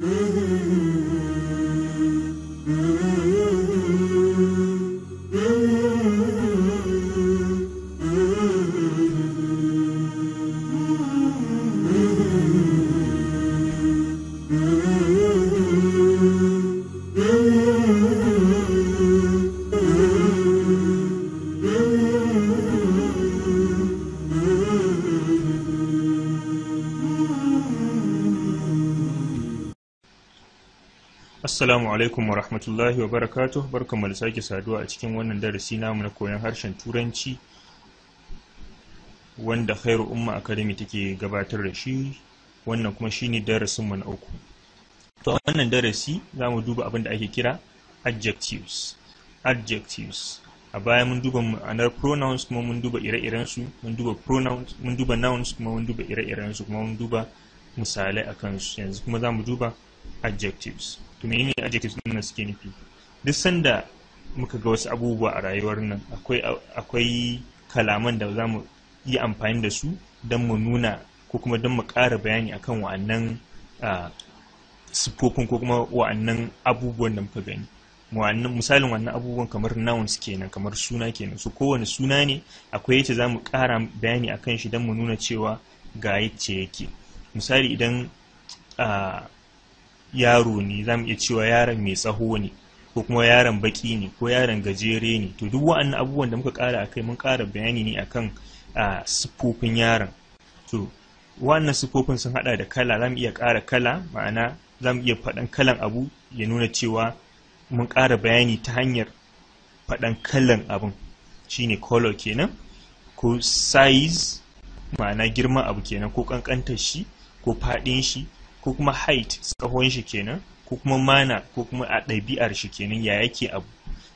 Mm-hmm. Assalamu alaikum wa rahmatullahi wa barakatuh barkamu da sake saduwa a cikin wannan darasi namu na koyon harshen turanci wanda Khairu Umma Academy take gabatar da shi wannan kuma shine darasin mu na uku to a wannan darasi za mu duba abin da ake kira adjectives adjectives a baya mun duba ma'anar pronouns kuma mun duba ire-iren su mun duba pronouns mun duba nouns kuma mun duba ire-iren su kuma mun duba misalai akan su yanzu kuma za mu duba adjectives to menene adjectives din nan suke nufi duk sanda muka ga wasu abubuwa a rayuwar nan akwai akwai kalaman da za mu yi amfani da su don mu nuna ko kuma don mu ƙara bayani akan wa'annan sifofin, ko kuma wa'annan abubuwan da muka gani misalin wannan abubuwan kamar nouns kenan kamar suna kenan su kowane suna ne akwai yace za mu ƙara bayani akan shi don mu nuna cewa ga yace yake misali idan yaro ne za mu iya cewa yaron mai tsaho ne ko kuma yaron baki ne ko yaron gajere ne to duk wa'annan abubuwan da muka kara akai mun kara bayani ne akan siffofin yaron to wannan siffofin sun hada da kala za mu iya kara kala ma'ana za mu iya faɗan kalan abu ya nuna cewa mun kara bayani ta hanyar faɗan kalan abun shine color kenan ko size ma'ana girman abu kenan ko kankantar shi ko faɗin shi ko kuma height tsawon shi kenan ko kuma mana ko kuma a ɗabi'ar shi kenan ya yake abu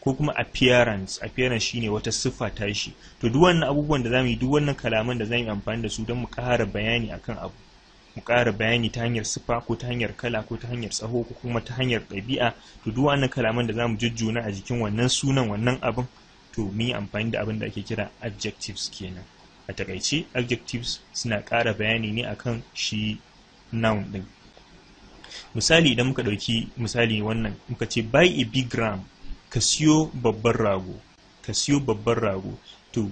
ko kuma appearance appearance shine wata siffa ta shi to duk wannan abubuwan da zamu yi duk wannan kalaman da zamu yi amfani da su don mu ƙara bayani akan abu mu ƙara bayani ta hanyar siffa ko ta hanyar kala ko ta hanyar tsaho ko kuma ta hanyar ɗabi'a to duk wannan kalaman da zamu jujjuna a jikin wannan sunan wannan abin to mu yi amfani da abin da ake kira adjectives kenan a takaice adjectives suna ƙara bayani ne akan shi noun din misali idan muka ɗauki misali wannan muka ce buy a big ram ka siyo babbar rago ka siyo babban rago to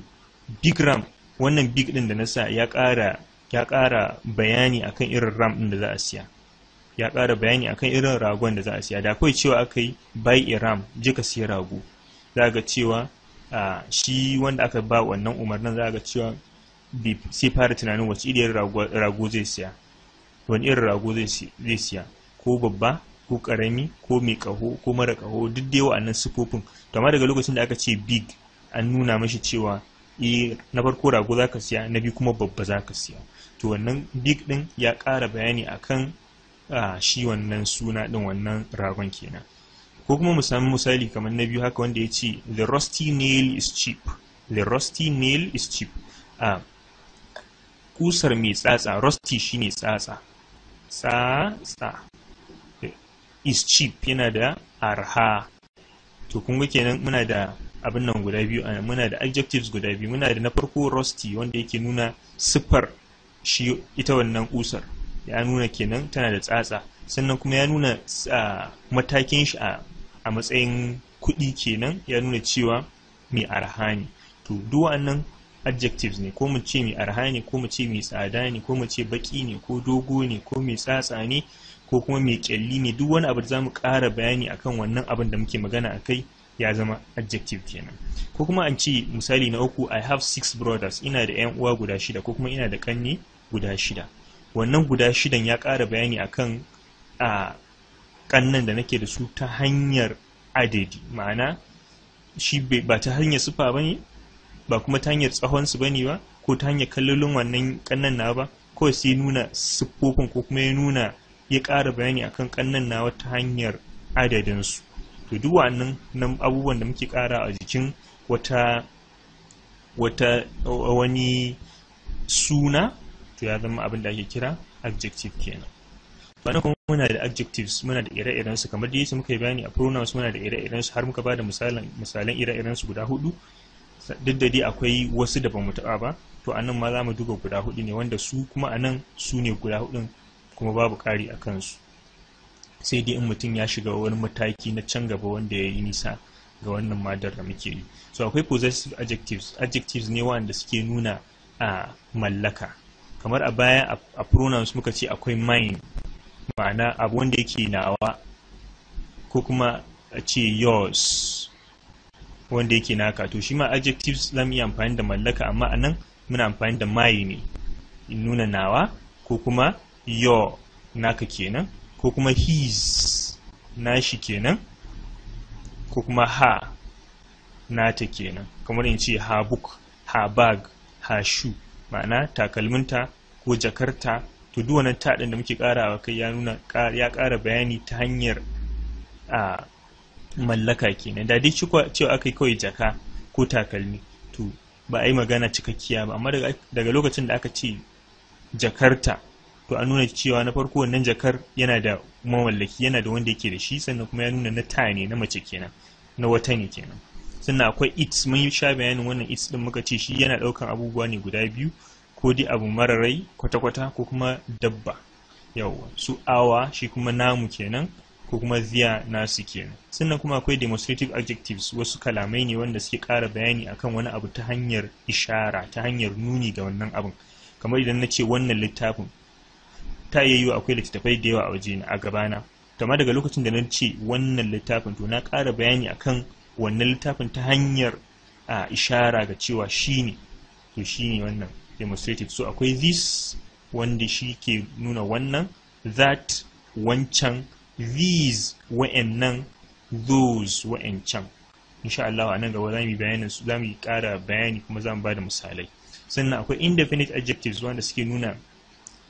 big ram wannan big din da na sa ya ƙara ya ƙara bayani akan irin ram din da za a siya ya ƙara bayani akan irin ragon da za a siya da akwai cewa aka yi buy a ram je ka siya rago za ga cewa shi wanda aka ba wannan umarnin za ga cewa sai fara tunanin wacce iriyar rago zai siya wani irin rago zai siya ko babba ko karami ko mai kaho ko mara kaho duk dai wa'annan sifofin to amma daga lokacin da aka ce big an nuna mashi cewa e na farko rago za ka siya na biyu kuma babba za ka siya to wannan big din ya ƙara bayani akan shi wannan suna din wannan ragon kenan ko kuma mu sami misali kamar na biyu haka wanda ya ce the rusty nail is cheap the rusty nail is cheap a kusar mai tsatsa rusty shi shine tsatsa sa sa is cheap yana da arha to kun ga kenan muna da abin nan guda biyu eh, muna da adjectives guda biyu muna da na farko rusty wanda yake nuna siffar shi ita wannan kusar ya nuna kenan tana da tsatsa sannan kuma ya nuna ah, matakin shi a matsayin kuɗi kenan ya nuna cewa mai arha ne to duk wannan adjectives ne ko mu ce mai arha ne ko mu ce mai tsada ne ko mu ce baki ne ko dogo ne ko mai tsatsa ne ko kuma mai kyalli ne duk wani abu da mu ƙara bayani akan wannan abin da muke magana a kai ya zama adjective kenan ko kuma an ce misali na uku i have six brothers ina da yan uwa guda shida ko kuma ina da kanni guda shida wannan guda shidan ya ƙara bayani akan a kannan da nake da su ta hanyar adadi ma'ana shi ba ta hanyar sufa ne? ba kuma ta hanyar tsawonsu su bane ba ko ta hanyar kallolin wannan kannan na ba ko sai nuna siffofin ko kuma ya nuna ya ƙara bayani akan kannan na ta hanyar adadin su to duk wannan nan abubuwan da muke ƙara a jikin wata wata wani suna to ya zama abin da ake kira adjective kenan bana kuma muna da adjectives muna da ire-irensu kamar da yadda muka yi bayani a pronouns muna da ire-irensu har muka ba da misalan ire-irensu guda hudu duk da dai akwai wasu da bamu taba ba to anan nan ma za mu duba guda hudu ne wanda su kuma anan su ne guda hudun kuma babu kari a kansu sai dai in mutum ya shiga wani mataki na can gaba wanda ya yi nisa ga wannan madar da muke yi so akwai possessive adjectives adjectives ne wanda suke nuna a mallaka kamar a baya a pronouns muka ce akwai mine ma'ana abu wanda yake nawa ko kuma a ce yours wanda yake naka to shi ma adjectives zamu yi amfani da mallaka amma anan muna amfani da my ne in nuna nawa ko kuma your naka kenan ko kuma his nashi kenan ko kuma ha nata kenan kamar in ce ha book ha bag ha shoe ma'ana takalminta ko jakarta to duk wannan ta da muke karawa kai ya nuna ya kara bayani ta hanyar a ah, mallaka kenan da dai cewa aka yi kawai jaka ko takalmi to ba a yi magana cikakkiya ba amma daga lokacin da aka ce jakarta to an nuna cewa na farko wannan jakar yana da mawallaki yana da wanda yake da shi sannan kuma ya nuna na ta ne na mace kenan na wata ne kenan sannan akwai its mun yi sha bayanin wannan its din muka ce shi yana daukan abubuwa ne guda biyu ko dai abu mararai kwata-kwata ko kuma dabba yawwa su awa shi kuma namu kenan ko kuma via nasu kenan sannan kuma akwai demonstrative adjectives wasu kalamai ne wanda suke ƙara bayani akan wani abu ta hanyar ishara ta hanyar nuni ga wannan abin kamar idan na ce wannan littafin ta yayyu akwai littattafai da yawa a waje a gabana amma daga lokacin da na ce wannan littafin to na ƙara bayani akan wannan littafin ta hanyar a ishara ga cewa shi ne to shi wannan demonstrative so akwai this wanda shi ke nuna wannan that wancan these wa'annan those wa'ancan insha Allah a nan gaba za mu bayanin su za mu ƙara bayani kuma za zamu da misalai sannan akwai indefinite adjectives wanda suke nuna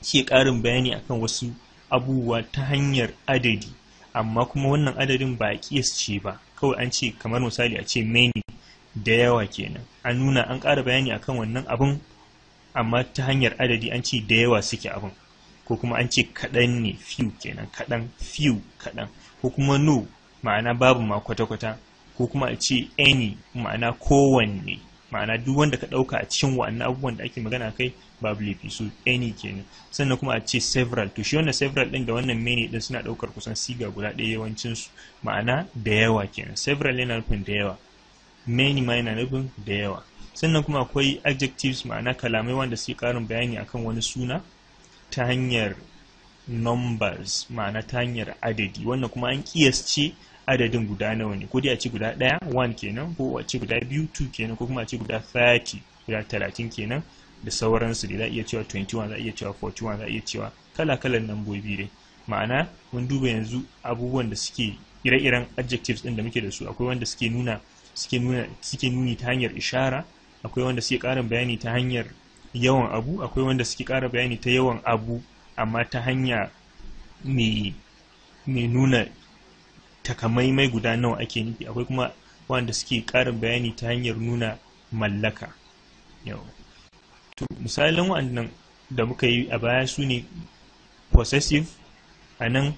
ke ƙarin bayani akan wasu abubuwa ta hanyar adadi amma kuma wannan adadin ba ce ba kawai an ce kamar misali a ce many da yawa kenan an nuna an ƙara bayani akan wannan abun amma ta hanyar adadi an ce da yawa suke abun ko kuma an ce kaɗan ne few kenan kaɗan few kaɗan ko kuma no ma'ana babu ma kwata-kwata ko kuma a ce any ma'ana kowanne ma'ana duk wanda ka ɗauka a cikin wa'annan abubuwan da ake magana kai babu laifi su any kenan sannan kuma a ce several to shi wannan several ɗin da wannan many ɗin suna ɗaukar kusan siga guda ɗaya yawancin su ma'ana da yawa kenan several yana nufin da yawa many ma yana nufin da yawa sannan kuma akwai adjectives ma'ana kalamai wanda suke karin bayani akan wani suna ta hanyar numbers ma'ana ta hanyar adadi wannan kuma an kiyasce adadin guda nawa ne ko dai a ce guda ɗaya 1 kenan ko a ce guda biyu 2 kenan ko kuma a ce guda 30 guda 30 kenan da sauransu da za a iya cewa 21 za a iya cewa 41 za a iya cewa kala-kalan nambobi dai ma'ana mun duba yanzu abubuwan da suke ire-iren adjectives ɗin da muke da su akwai wanda suke nuna suke nuna suke nuni ta hanyar ishara akwai wanda suke ƙarin bayani ta hanyar yawan abu akwai wanda suke ƙara bayani ta yawan abu amma ta hanya mai nuna takamaimai guda nawa ake nufi akwai kuma wanda suke ƙara bayani ta hanyar nuna mallaka to misalin waannan da muka yi a baya su ne possessive a nan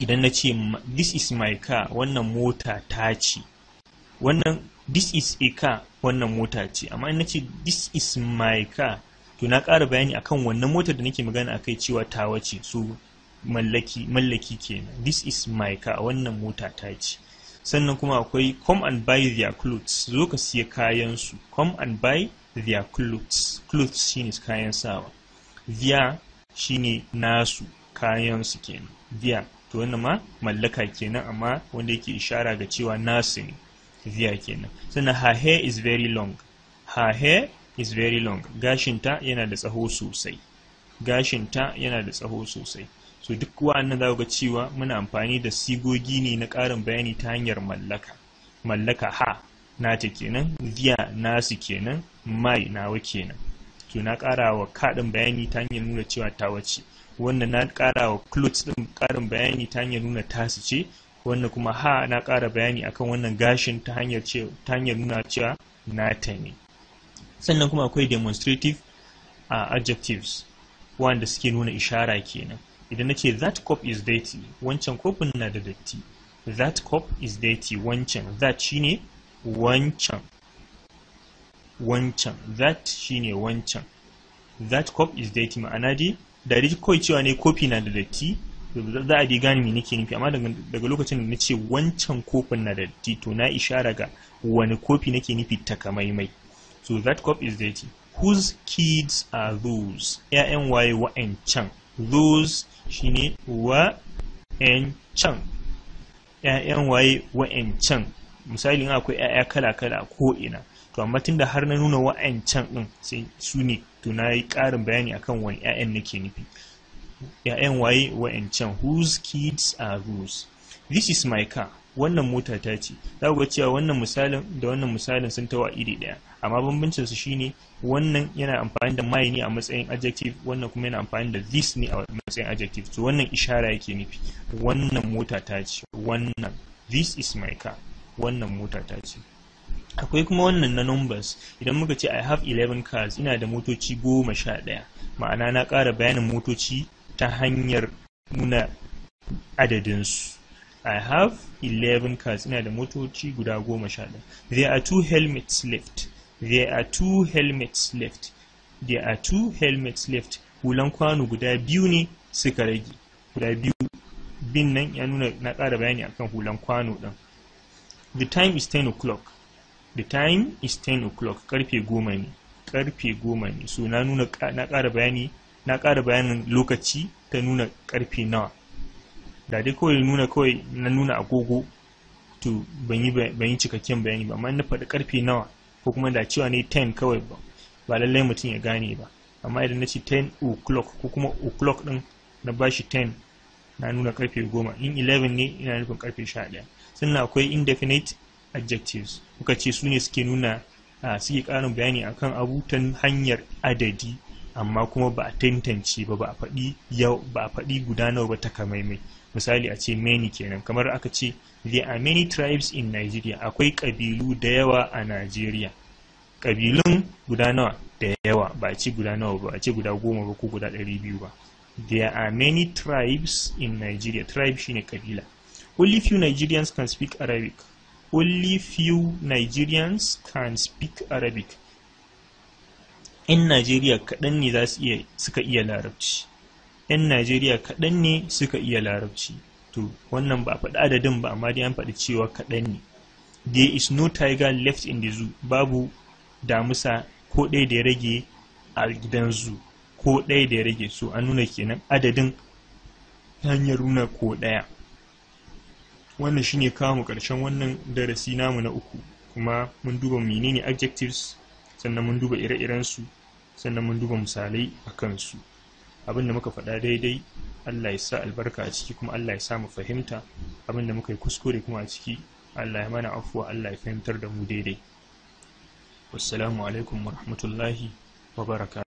idan na ce this is my car wannan mota ta ce wannan this is a car wannan mota ce amma in ce this is my car to na ƙara bayani akan wannan motar da nake magana akai cewa tawa ce so mallaki mallaki kenan this is my car wannan mota ta ce sannan kuma akwai come and buy their clothes zo ka siya kayan su come and buy their clothes clothes shine kayan sawa via shine nasu kayan su kenan via to wannan ma mallaka kenan amma wanda yake ishara ga cewa nasu ne tafiya kenan sannan her hair is very long her hair is very long gashinta yana da tsaho sosai gashinta yana da tsaho sosai so duk wa'annan za ga cewa muna amfani da sigogi ne na ƙarin bayani ta hanyar mallaka mallaka ha na ta kenan via nasu kenan mai nawa kenan to na ƙara wa kaɗin bayani ta hanyar nuna cewa ta wace wannan na ƙara wa clothes ɗin ƙarin bayani ta hanyar nuna tasu ce wannan kuma ha na ƙara bayani akan wannan gashin ta hanyar ta hanyar nuna cewa nata ne sannan kuma akwai demonstrative uh, adjectives wanda suke nuna ishara kenan idan nace that cup is dirty wancan kofin na da datti that cup is dirty wancan that shine wancan wancan that shine wancan that cup is dirty ma'ana dai da kawai cewa ne kofi na da datti za a gane me nake nufi amma daga lokacin da nace wancan kofin na da tito na ishara ga wani kofi nake nufi takamaimai so that cup is dirty whose kids are those ƴaƴan waye wa'ancan those shine can ƴaƴan waye wa'ancan akwai 'ya'ya kala-kala ko ina to amma tunda har na nuna wa'ancan din sai su ne to na yi ƙarin bayani akan wani 'ya'yan nake nufi 'ya'yan waye wa'ancan whose kids are whose this is my car wannan mota ta ce za ku cewa wannan misalin da wannan misalin sun tawa iri ɗaya amma bambancin su shine wannan yana amfani da my ne a matsayin adjective wannan kuma yana amfani da this ne a matsayin adjective to wannan ishara yake nufi wannan mota ta ce wannan this is my car wannan mota ta ce akwai kuma wannan na numbers idan muka ce i have 11 cars ina da motoci goma sha ɗaya ma'ana na ƙara bayanin motoci ta hanyar nuna adadinsu I have 11 cars ina da motoci guda goma sha there are two helmets left there are two helmets left there are two helmets left hulan kwano guda biyu ne suka rage guda biyu bin nan ya nuna na ƙara bayani akan hulan kwano ɗin the time is 10 o'clock the time is 10 o'clock karfe goma ne karfe goma ne so na nuna na ƙara bayani na ƙara bayanin lokaci ta nuna ƙarfe nawa da dai kawai nuna kawai na nuna agogo to ban yi cikakken bayani ba amma na faɗi ƙarfe nawa ko kuma da cewa ne 10 kawai ba ba lallai mutum ya gane ba amma idan na ce 10 o'clock ko kuma o'clock ɗin na bashi 10 na nuna ƙarfe 10 in 11 ne ina nufin ƙarfe 11 sannan akwai indefinite adjectives kuka ce su ne suke nuna ah, suke ƙarin bayani akan abu ta hanyar adadi amma kuma ba a tantance ba ba a faɗi yau ba a faɗi guda nawa ba takamaimai misali a ce many kenan kamar aka ce there are many tribes in Nigeria akwai ƙabilu da yawa a Nigeria ƙabilun guda nawa da yawa ba a ce guda nawa ba a ce guda goma ba ko guda ɗari biyu ba there are many tribes in Nigeria tribe shine kabila only few Nigerians can speak Arabic only few Nigerians can speak Arabic 'yan najeriya kaɗan ne za iya suka iya larabci 'yan najeriya kaɗan ne suka iya larabci to wannan ba a faɗi adadin ba amma dai an faɗi cewa kaɗan ne there is no tiger left in the zoo babu damusa ko ɗaya da ya rage a gidan zoo ko ɗaya da ya rage so an nuna kenan adadin hanyar nuna ko ɗaya wannan shine kawo mu ƙarshen wannan darasi namu na uku kuma mun duba menene adjectives sannan mun duba ire-irensu sannan mun duba misalai a kansu abinda muka faɗa daidai Allah ya sa albarka a ciki kuma Allah ya sa mu fahimta abinda muka yi kuskure kuma a ciki Allah ya mana afuwa Allah ya fahimtar da mu daidai wassalamu alaikum wa rahmatullahi wa baraka